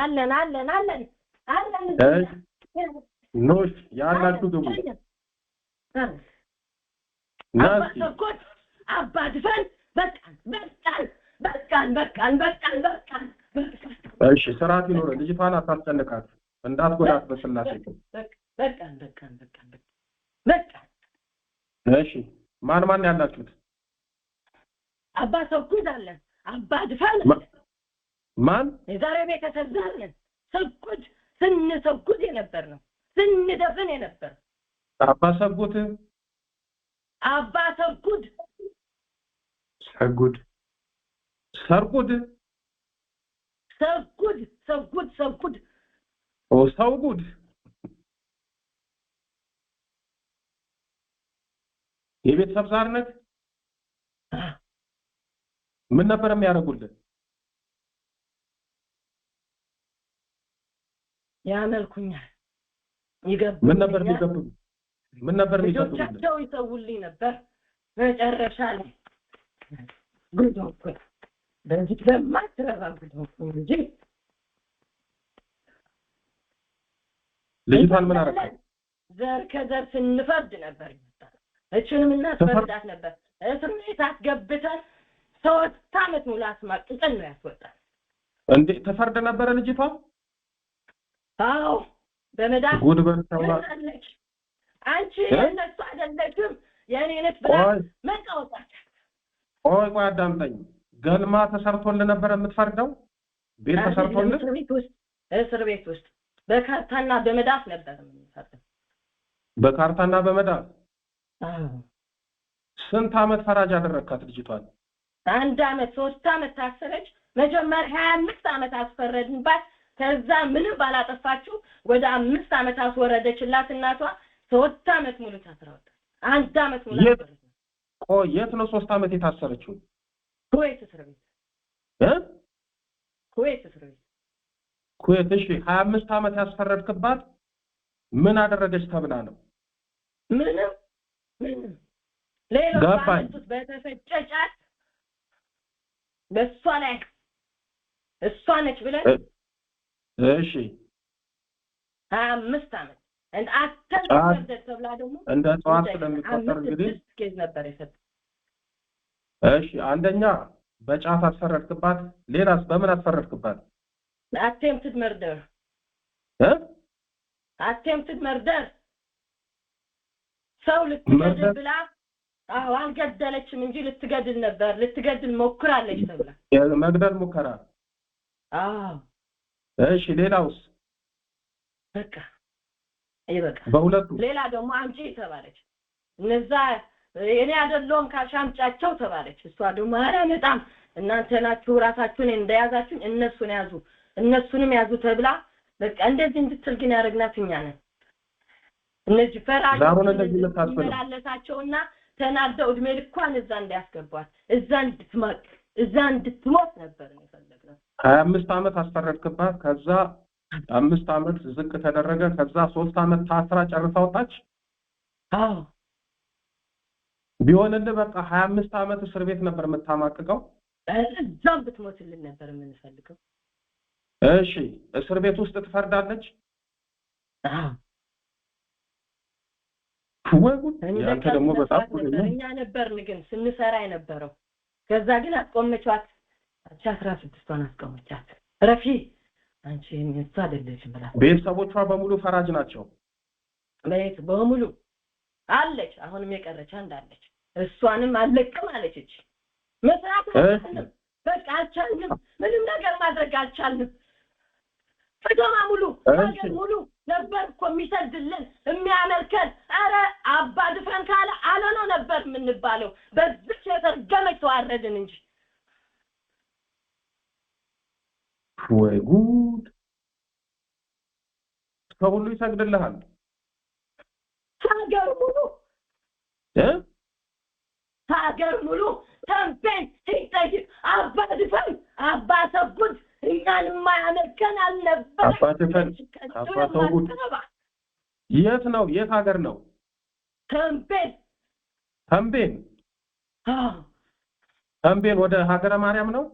አለን አለን አለን አለን አለን ኖሽ ያላችሁ ግቡ ናስኮት አባትፈን በቃን በቃን በቃን በቃን በቃን በቃን እሺ ስርዓት ይኖረ ልጅቷን አታስጨንቃት እንዳትጎዳት በስላሴ በቃን በቃን በቃን በቃን እሺ ማን ማን ያላችሁት አባ ሰኩት አለን አባ ማን የዛሬ ቤተሰብ ዛር ነን። ሰጉድ ስንሰጉድ የነበር ነው ስንደፍን የነበር አባ ሰጉድ አባ ሰጉድ ሰጉድ ሰርጉድ ሰጉድ ሰጉድ ሰጉድ ኦ ሰውጉድ የቤተሰብ ዛርነት ምን ነበር የሚያደርጉልን? ያመልኩኛል ይገቡ ምን ነበር የሚገቡ ምን ነበር ልጆቻቸው ይሰውልኝ ነበር መጨረሻ ላይ ጉድ ሆንኩኝ በዚህ በማትረባ ጉድ ሆንኩኝ እንጂ ልጅቷን ምን አረጋ ዘር ከዘር ስንፈርድ ነበር እችንም እናስፈርዳት ነበር እስር ቤት አስገብተን ሶስት አመት ሙሉ አስማቅቀን ነው ያስወጣል እንዴ ተፈርድ ነበረ ልጅቷ አዎ በመዳፍ ጉድ በልተውላ አንቺ እነሱ አይደለችም የኔ ነች ብላ መቃወጣት። ቆይ ቆይ አዳምጠኝ። ገልማ ተሰርቶልህ ነበር የምትፈርደው? ቤት ተሰርቶልህ? እስር ቤት ውስጥ በካርታና በመዳፍ ነበር የምንፈርደው። በካርታና በመዳፍ ስንት አመት ፈራጅ አደረግካት ልጅቷን? አንድ አመት ሶስት አመት ታሰረች። መጀመሪያ ሀያ አምስት አመት አስፈረድንባት ከዛ ምንም ባላጠፋችሁ ወደ አምስት አመታት አስወረደችላት እናቷ። ሶስት አመት ሙሉ ታስራ ወጣች። አንድ አመት ሙሉ ቆይ፣ የት ነው ሶስት አመት የታሰረችው? ኩዌት እስር ቤት እ ኩዌት እስር ቤት ኩዌት። እሺ፣ ሀያ አምስት አመት ያስፈረድክባት ምን አደረገች ተብላ ነው? ምንም ምንም። ሌሎች ባመጡት በተፈጨ ጫት በእሷ ላይ እሷ ነች ብለን እሺ ሀያ አምስት ዓመት ተብላ ደግሞ እንደ ጠዋት ስለሚቆጠር እንግዲህ ኬዝ ነበር የሰጠ። እሺ አንደኛ በጫት አስፈረድክባት። ሌላስ በምን አስፈረድክባት? አቴምፕትድ መርደር እ መርደር ሰው ልትገድል ብላ አዎ አልገደለችም እንጂ ልትገድል ነበር፣ ልትገድል ሞክራለች ተብላ መግደል ሙከራ አዎ እሺ ሌላውስ በቃ ይበቃ በሁለቱ ሌላ ደግሞ አምጪ ተባለች እነዛ እኔ አይደለሁም ካልሽ አምጫቸው ተባለች እሷ ደግሞ ኧረ በጣም እናንተ ናችሁ ራሳችሁን እንደያዛችሁኝ እነሱን ያዙ እነሱንም ያዙ ተብላ በቃ እንደዚህ እንድትል ግን ያደረግናት እኛ ነን እነዚህ ፈራመላለሳቸውና ተናደው እድሜ ልኳን እዛ እንዳያስገቧት እዛ እንድትሞት እዛ እንድትሞት ነበር ነው ሀያ አምስት ዓመት አስፈረድክባት። ከዛ አምስት ዓመት ዝቅ ተደረገ። ከዛ ሶስት ዓመት ታስራ ጨርሳ ወጣች። ቢሆንልህ በቃ ሀያ አምስት ዓመት እስር ቤት ነበር የምታማቅቀው። እዛም ብትሞትልን ነበር የምንፈልገው። እሺ እስር ቤት ውስጥ ትፈርዳለች ወይ ጉድ! ያንተ ደግሞ በጣም እኛ ነበርን ግን ስንሰራ የነበረው ከዛ ግን አስቆመቻት አንቺ አስራ ስድስቷን አስቀምጫት ረፊ አንቺ እሷ አይደለችም ብላ ቤተሰቦቿ በሙሉ ፈራጅ ናቸው። ቤት በሙሉ አለች። አሁንም የቀረች አንድ እሷንም አለቅም አለችች። መስራት አልቻልንም፣ በቃ አልቻልንም፣ ምንም ነገር ማድረግ አልቻልንም። ከተማ ሙሉ ሀገር ሙሉ ነበር እኮ የሚሰድልን የሚያመልከን። አረ አባ ድፈን ካለ አለ ነው ነበር የምንባለው። በዚህ የተረገመች ተዋረድን እንጂ ወይ ጉድ! ሰው ሁሉ ይሰግድልሃል። ሀገር ሙሉ ሀገር ሙሉ ተንፌን ሲጠይቅ አባ ድፈን አባ ሰጉድ እኛን የማያመልከን አልነበረ። አባ ድፈን የት ነው? የት ሀገር ነው? ተንቤን ተንቤን ተንቤን ወደ ሀገረ ማርያም ነው።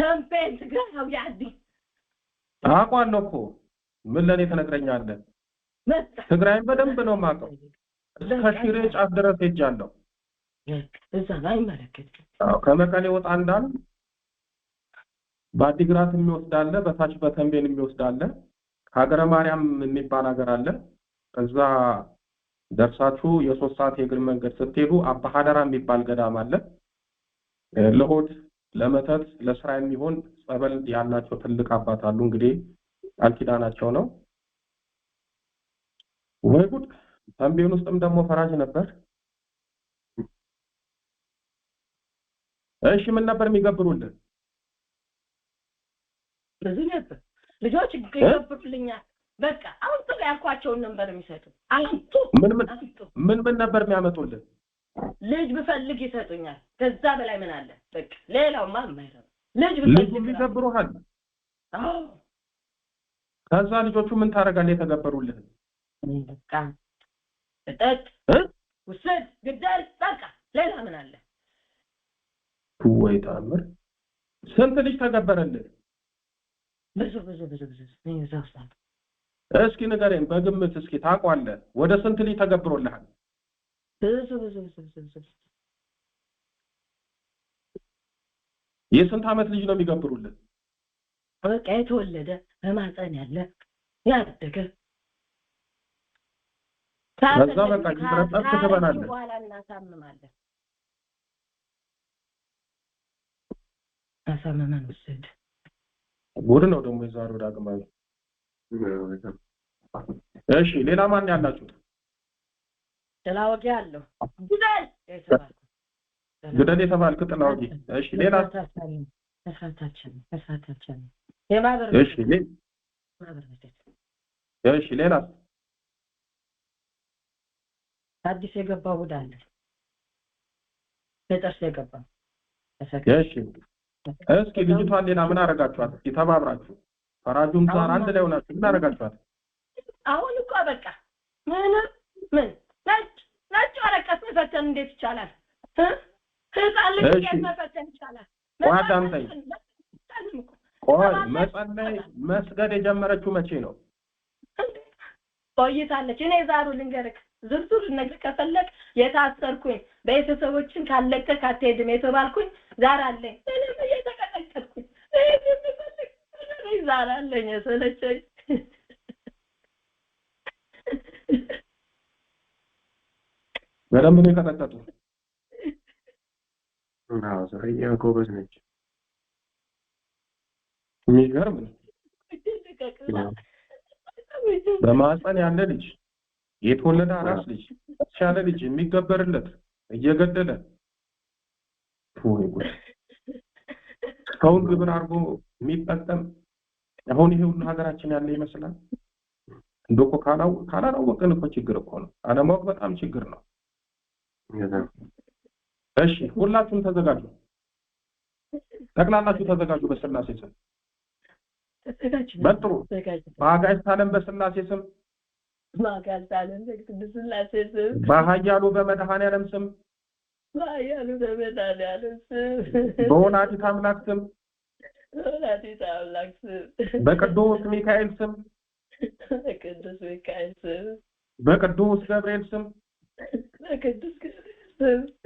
ተንፔንት ገው ያዲ አውቀዋለሁ እኮ ምን ለኔ ትነግረኛለህ? ትግራይም በደንብ ነው የማውቀው። እስከ ሽሬ ጫፍ ድረስ ሄጃለሁ። እዛ ላይ መለከት ከመቀሌ ወጣ እንዳል በአዲግራት የሚወስዳለ፣ በታች በተንቤን የሚወስዳለ፣ ሀገረ ማርያም የሚባል ሀገር አለ። እዛ ደርሳችሁ የሶስት ሰዓት የእግር መንገድ ስትሄዱ አባ ሀደራ የሚባል ገዳም አለ ለሆድ ለመተት ለስራ የሚሆን ጸበል ያላቸው ትልቅ አባት አሉ። እንግዲህ ቃል ኪዳናቸው ነው። ወይ ጉድ! ተንቤን ውስጥም ደግሞ ፈራጅ ነበር። እሺ፣ ምን ነበር የሚገብሩልን? ብዙ ነበር። ልጆች ይገብሩልኛል። በቃ አሁን ያልኳቸውን ነበር የሚሰጡ። አሁን ምን ምን ምን ነበር የሚያመጡልን? ልጅ ብፈልግ ይሰጡኛል። ከዛ በላይ ምን አለ? በቃ ሌላውማ የማይረባ ልጅ ብፈልግ ልጅ ይገብሩሃል። ከዛ ልጆቹ ምን ታደርጋለህ? የተገበሩልህ በቃ እጠጥ ውሰድ፣ ግደል፣ በቃ ሌላ ምን አለ? ወይ ታምር! ስንት ልጅ ተገበረልህ? ብዙ ብዙ ብዙ ብዙ እስኪ ንገረኝ በግምት እስኪ ታውቋለህ፣ ወደ ስንት ልጅ ተገብሮልሃል? ብዙ ብዙ ብዙ የስንት ዓመት ልጅ ነው የሚገብሩልን? በቃ የተወለደ በማፀን ያለ ያደገ ከዛ በቃ ከተረጠብ ትበላለህ በኋላ እናሳምማለን። አሳምመን ውሰድ። ጉድ ነው ደግሞ የዛሬው ዳግማዊ። እሺ ሌላ ማን ያላችሁት? ጥላ ወጊ አለው ጉደል ጉደል የተባልክ ጥላ እሺ ሌላ ተሳታችን እሺ ሌላ አዲስ የገባ ጉድ አለ። የጠርስ የገባ እሺ። እስኪ ልጅቷን ሌላ ምን አረጋችኋት? እስኪ ተባብራችሁ ፈራጁም ጻር አንድ ላይ ሆናችሁ ምን አረጋችኋት? አሁን እኮ በቃ ምን ምን ነጭ ነጭ ወረቀት መፈተን እንዴት ይቻላል? ህፃን ልጅ እንዴት መፈተን ይቻላል? ዋዳምጠኝ ቆይ፣ መጸለይ መስገድ የጀመረችው መቼ ነው? ቆይታለች። እኔ ዛሩ ልንገርክ ዝርዝር ነገር ከፈለግ የታሰርኩኝ ቤተሰቦችን ካለቀቅ አትሄድም የተባልኩኝ ዛር አለኝ። እኔም እየተቀጠቀጥኩኝ ዛር አለኝ የሰለቸኝ በደንብ ነው የቀጠቀጡ። አዎ ጎበዝ ነች። የሚገርም በማህፀን ያለ ልጅ የተወለደ አራስ ልጅ ያለ ልጅ የሚገበርለት እየገደለ ሆይ ጉድ! ግብር አድርጎ የሚጠቀም አሁን ይሄ ሁሉ ሀገራችን ያለ ይመስላል። እንደኮ ካላወቅን እኮ ችግር እኮ ነው። አለማወቅ በጣም ችግር ነው። እሺ ሁላችሁም ተዘጋጁ። ጠቅላላችሁ ተዘጋጁ። በስላሴ ስም በጥሩ በአጋዕዝተ ዓለም በስላሴ ስም በአጋዕዝተ ዓለም በስላሴ ስም በኃያሉ በመድኃኔዓለም ስም በኃያሉ በመድኃኔዓለም ስም በወላዲተ አምላክ ስም በወላዲተ አምላክ ስም በቅዱስ ሚካኤል ስም በቅዱስ ሚካኤል ስም በቅዱስ ገብርኤል ስም በቅዱስ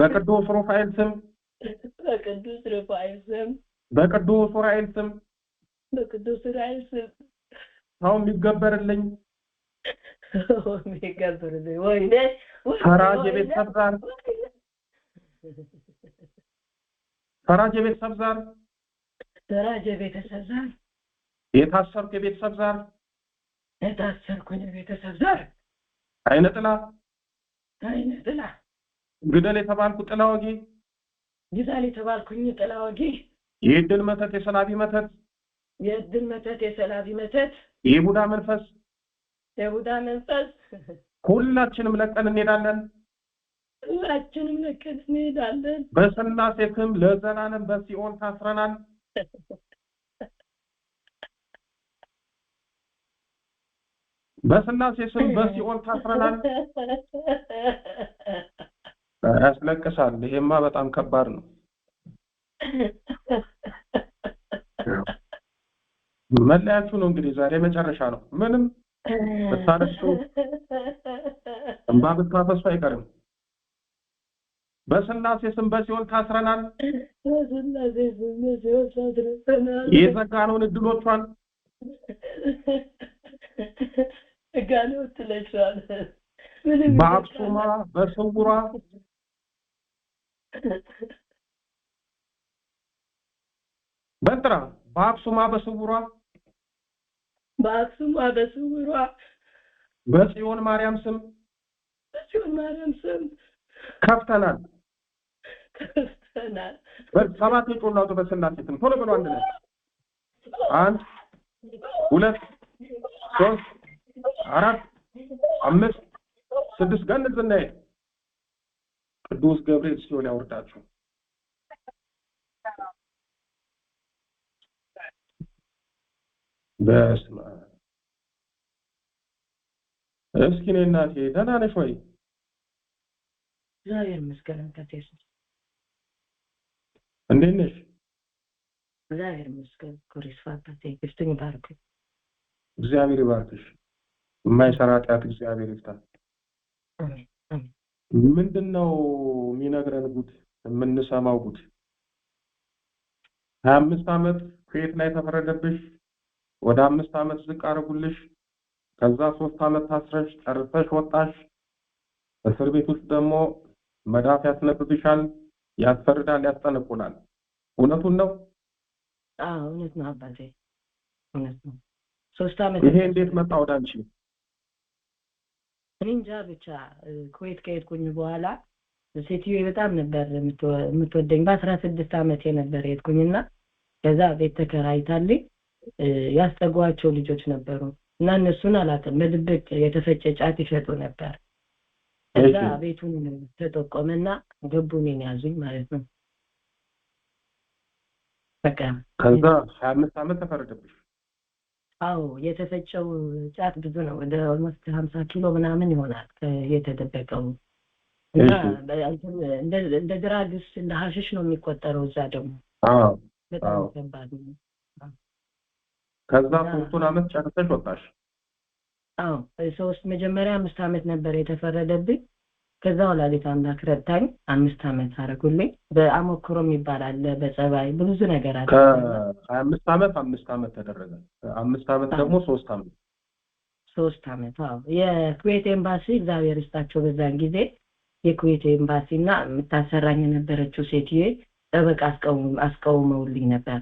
በቅዱስ ሩፋኤል ስም በቅዱስ ሩፋኤል ስም በቅዱስ ኡራኤል ስም በቅዱስ ኡራኤል ስም ሰው የሚገበርልኝ የሚገበርልኝ ወይኔ ፈራጅ የቤተሰብ ዛር ፈራጅ የቤተሰብ ዛር ፈራጅ የቤተሰብ ዛር የታሰርኩ የቤተሰብ ዛር የታሰርኩኝ የቤተሰብ ዛር አይነ ጥላ አይነ ጥላ ግደል የተባልኩ ጥላ ወጊ፣ ግደል የተባልኩኝ ጥላ ወጊ፣ የእድል መተት የሰላቢ መተት የእድል መተት የሰላቢ መተት የቡዳ መንፈስ የቡዳ መንፈስ ሁላችንም ለቀን እንሄዳለን። ሁላችንም ለቀን እንሄዳለን። በስላሴ ስም ለዘላለም በሲኦን ታስረናል። በስላሴ ስም በሲኦን ታስረናል። ያስለቅሳል። ይሄማ በጣም ከባድ ነው። መለያችሁ ነው እንግዲህ ዛሬ መጨረሻ ነው። ምንም ብታለቅሱ እንባ ብታፈሱ አይቀርም። በስላሴ ስም በሲኦል ታስረናል። የዘጋነውን እድሎቿን ጋኔ ወትለችዋል። በአክሱማ በስውሯ በጥራ በአክሱማ በስውሯ በአክሱማ በስውሯ በጽዮን ማርያም ስም በጽዮን ማርያም ስም ከፍተናል ከፍተናል። ሰባት የጮላው በስላሴ ስም ቶሎ ብሎ አንድ ላይ አንድ ሁለት ሶስት አራት አምስት ስድስት ገንዝ ብናየ ቅዱስ ገብርኤል ሲሆን ያወርዳችሁ። በስመ እስኪ እኔ እናቴ ደህና ነሽ ወይ? እግዚአብሔር ይመስገን ከቴስ እንዴት ነሽ? እግዚአብሔር ይመስገን ኩሪስ ፋታቴ ግፍትኝ ባርኩ። እግዚአብሔር ይባርክሽ። የማይሰራ ኃጢአት እግዚአብሔር ይፍታ። አሜን አሜን። ምንድን ነው የሚነግረን ጉድ የምንሰማው ጉድ ሀያ አምስት ዓመት ኩዌት ላይ ተፈረደብሽ ወደ አምስት ዓመት ዝቅ አረጉልሽ ከዛ ሶስት ዓመት ታስረሽ ጨርሰሽ ወጣሽ እስር ቤት ውስጥ ደግሞ መዳፍ ያስነብብሻል ያስፈርዳል ያስጠነቁላል እውነቱን ነው እውነት ነው አባቴ እውነት ነው ሶስት ዓመት ይሄ እንዴት መጣ ወደ አንቺ እኔ እንጃ ብቻ ኩዌት ከሄድኩኝ በኋላ ሴትዮ በጣም ነበር የምትወደኝ። በአስራ ስድስት ዓመቴ ነበር የሄድኩኝና ከዛ ቤት ተከራይታልኝ ያስጠጓቸው ልጆች ነበሩ እና እነሱን አላውቅም። በድብቅ የተፈጨ ጫት ይሸጡ ነበር። ከዛ ቤቱን ተጠቆመና ገቡ፣ እኔን ያዙኝ ማለት ነው። በቃ ከዛ ሀያ አምስት አመት ተፈረደብሽ። አዎ የተፈጨው ጫት ብዙ ነው። ወደ ኦልሞስት ሀምሳ ኪሎ ምናምን ይሆናል የተደበቀው እንደ ድራግስ እንደ ሀሽሽ ነው የሚቆጠረው። እዛ ደግሞ በጣም ከባድ ነው። ከዛ ሶስቱን አመት ጨርሰሽ ወጣሽ? አዎ ሶስት መጀመሪያ አምስት አመት ነበር የተፈረደብኝ ከዛ ወላዲት አምላክ ረዳኝ። አምስት ዓመት አደረጉልኝ። በአሞክሮ የሚባል አለ፣ በጸባይ ብዙ ነገር አለ። ከሀያ አምስት ዓመት አምስት ዓመት ተደረገ። አምስት ዓመት ደግሞ ሶስት ዓመት ሶስት ዓመት አዎ። የኩዌት ኤምባሲ እግዚአብሔር ይስጣቸው። በዛን ጊዜ የኩዌት ኤምባሲ እና የምታሰራኝ የነበረችው ሴትዮ ጠበቃ አስቀውመውልኝ ነበር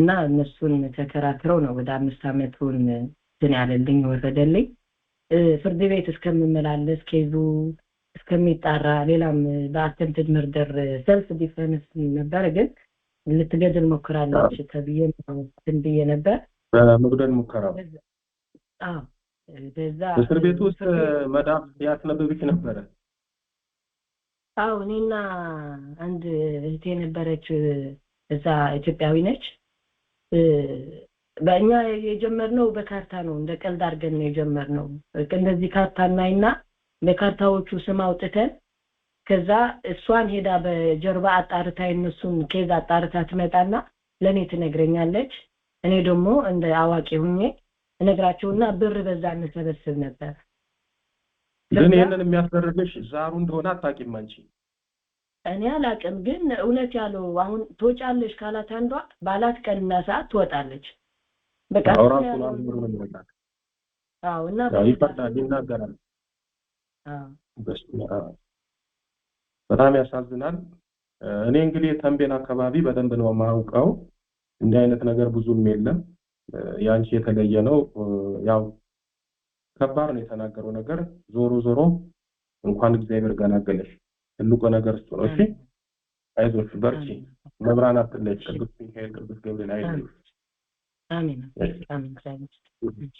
እና እነሱን ተከራክረው ነው ወደ አምስት ዓመቱን ትን ያለልኝ ወረደልኝ። ፍርድ ቤት እስከምመላለስ ኬዙ እስከሚጣራ ሌላም በአተምፕትድ መርደር ሰልፍ ዲፌንስ ነበር፣ ግን ልትገድል ሞክራለች ተብዬ እንትን ብዬ ነበር። በመጉደል ሙከራ በዛ እስር ቤት ውስጥ መዳም ያስነበብች ነበረ። አው እኔና አንድ እህቴ የነበረች እዛ ኢትዮጵያዊ ነች። በእኛ የጀመርነው በካርታ ነው፣ እንደ ቀልድ አድርገን ነው የጀመርነው። እንደዚህ ካርታ እናይና ለካርታዎቹ ስም አውጥተን ከዛ እሷን ሄዳ በጀርባ አጣርታ የነሱን ኬዝ አጣርታ ትመጣና ለእኔ ትነግረኛለች። እኔ ደግሞ እንደ አዋቂ ሁኜ እነግራቸውና ብር በዛ እንሰበስብ ነበር። ግን ይህንን የሚያስደርግሽ ዛሩ እንደሆነ አታውቂም አንቺ። እኔ አላውቅም፣ ግን እውነት ያለው አሁን ትወጫለሽ ካላት አንዷ ባላት ቀንና ሰዓት ትወጣለች። በቃ እና ይናገራል በጣም ያሳዝናል። እኔ እንግዲህ ተንቤን አካባቢ በደንብ ነው የማውቀው። እንዲህ አይነት ነገር ብዙም የለም። የአንቺ የተለየ ነው። ያው ከባድ ነው የተናገረው ነገር። ዞሮ ዞሮ እንኳን እግዚአብሔር ገናገለሽ። ትልቁ ነገር እሱ ነው። እሺ፣ አይዞሽ፣ በርቺ። መብራን አትለች። ቅዱስ ሚካኤል፣ ቅዱስ ገብርኤል አይለይ። አሜን።